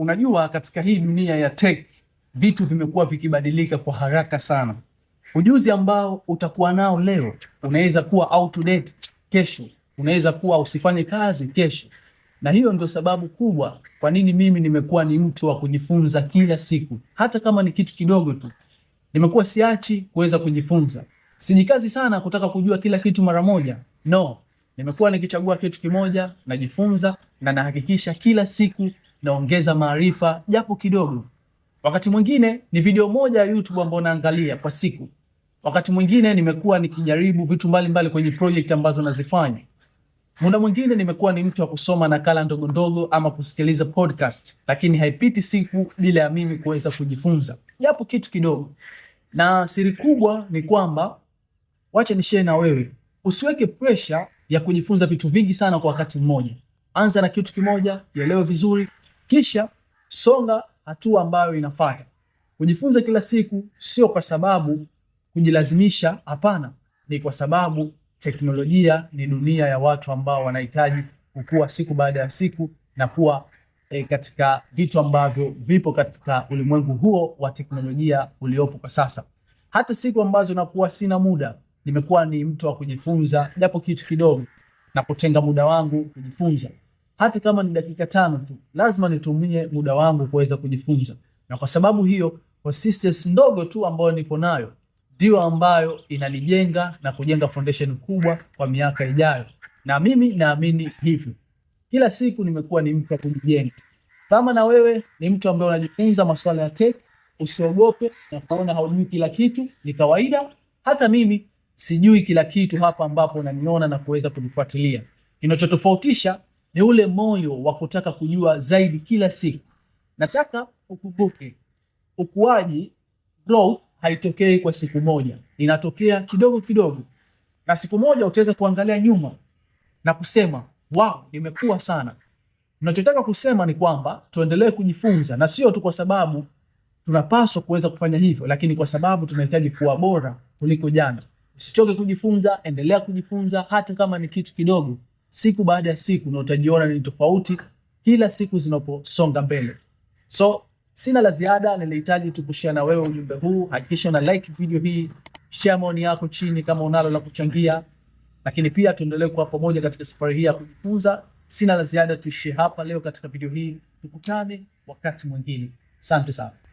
Unajua, katika hii dunia ya tech vitu vimekuwa vikibadilika kwa haraka sana. Ujuzi ambao utakuwa nao leo unaweza kuwa outdated kesho, unaweza kuwa usifanye kazi kesho, na hiyo ndio sababu kubwa kwa nini mimi nimekuwa ni mtu wa kujifunza kila siku, hata kama ni kitu kidogo tu. Nimekuwa siachi kuweza kujifunza, sijikazi sana kutaka kujua kila kitu mara moja, no. Nimekuwa nikichagua kitu kimoja, najifunza na nahakikisha kila siku naongeza maarifa japo kidogo. Wakati mwingine ni video moja ya YouTube ambayo naangalia kwa siku. Wakati mwingine nimekuwa nikijaribu vitu mbalimbali mbali kwenye project ambazo nazifanya. Muda mwingine nimekuwa ni mtu wa kusoma nakala ndogo ndogo ama kusikiliza podcast, lakini haipiti siku bila ya mimi kuweza kujifunza japo kitu kidogo. Na siri kubwa ni kwamba, wacha nishare na wewe, usiweke pressure ya kujifunza vitu vingi sana kwa wakati mmoja. Anza na kitu kimoja, elewe vizuri, kisha songa hatua ambayo inafuata. Kujifunza kila siku sio kwa sababu kujilazimisha, hapana, ni kwa sababu teknolojia ni dunia ya watu ambao wanahitaji kukua siku baada ya siku na kuwa e, katika vitu ambavyo vipo katika ulimwengu huo wa teknolojia uliopo kwa sasa. Hata siku ambazo nakuwa sina muda, nimekuwa ni mtu wa kujifunza japo kitu kidogo, kutenga muda wangu kujifunza hata kama ni dakika tano tu, lazima nitumie muda wangu kuweza kujifunza. Na kwa sababu hiyo persistence ndogo tu ambayo nipo nayo ndio ambayo inanijenga na kujenga foundation kubwa kwa miaka ijayo, na mimi naamini hivyo. Kila siku nimekuwa ni mtu wa kujijenga. Kama na wewe ni mtu ambaye unajifunza masuala ya tech, usiogope na kaona haujui kila kitu, ni kawaida. Hata mimi sijui kila kitu hapa ambapo unaniona na kuweza kunifuatilia. Kinachotofautisha ni ule moyo wa kutaka kujua zaidi kila siku. Nataka ukumbuke, ukuaji growth haitokei kwa siku moja, inatokea kidogo kidogo, na siku moja utaweza kuangalia nyuma na kusema wow, nimekuwa sana. Tunachotaka kusema ni kwamba tuendelee kujifunza, na sio tu kwa sababu tunapaswa kuweza kufanya hivyo, lakini kwa sababu tunahitaji kuwa bora kuliko jana. Usichoke kujifunza, endelea kujifunza, hata kama ni kitu kidogo siku baada ya siku, na utajiona ni tofauti kila siku zinaposonga mbele. So sina la ziada, nilihitaji tu kushare na wewe ujumbe huu. Hakikisha una like video hii, share maoni yako chini kama unalo la kuchangia, lakini pia tuendelee kuwa pamoja katika safari hii ya kujifunza. Sina la ziada, tuishie hapa leo katika video hii, tukutane wakati mwingine. Asante sana.